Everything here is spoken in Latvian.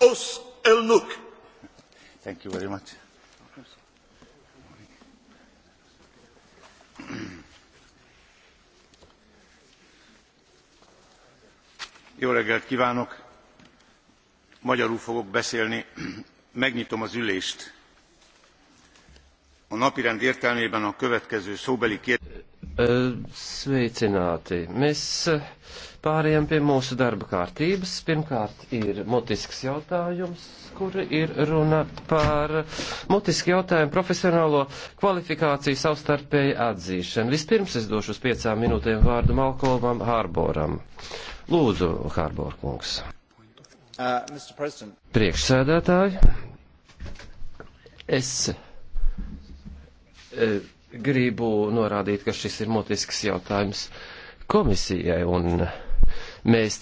Os Elnuk. Thank you very much. Jó reggelt kívánok! Magyarul fogok beszélni. Megnyitom az ülést. A napirend értelmében a következő szóbeli kérdés. Eh, sveicināti. Mēs eh, pārējām pie mūsu darba kārtības. Pirmkārt ir mutisks jautājums, kur ir runa par mutisku jautājumu profesionālo kvalifikāciju savstarpēju atzīšanu. Vispirms es došu uz piecām minūtēm vārdu Malkolmam Hārboram. Lūdzu, Hārbor kungs. Uh, Priekšsēdētāji, es. Uh, gribu norādīt, ka šis ir mutisks jautājums komisijai, un mēs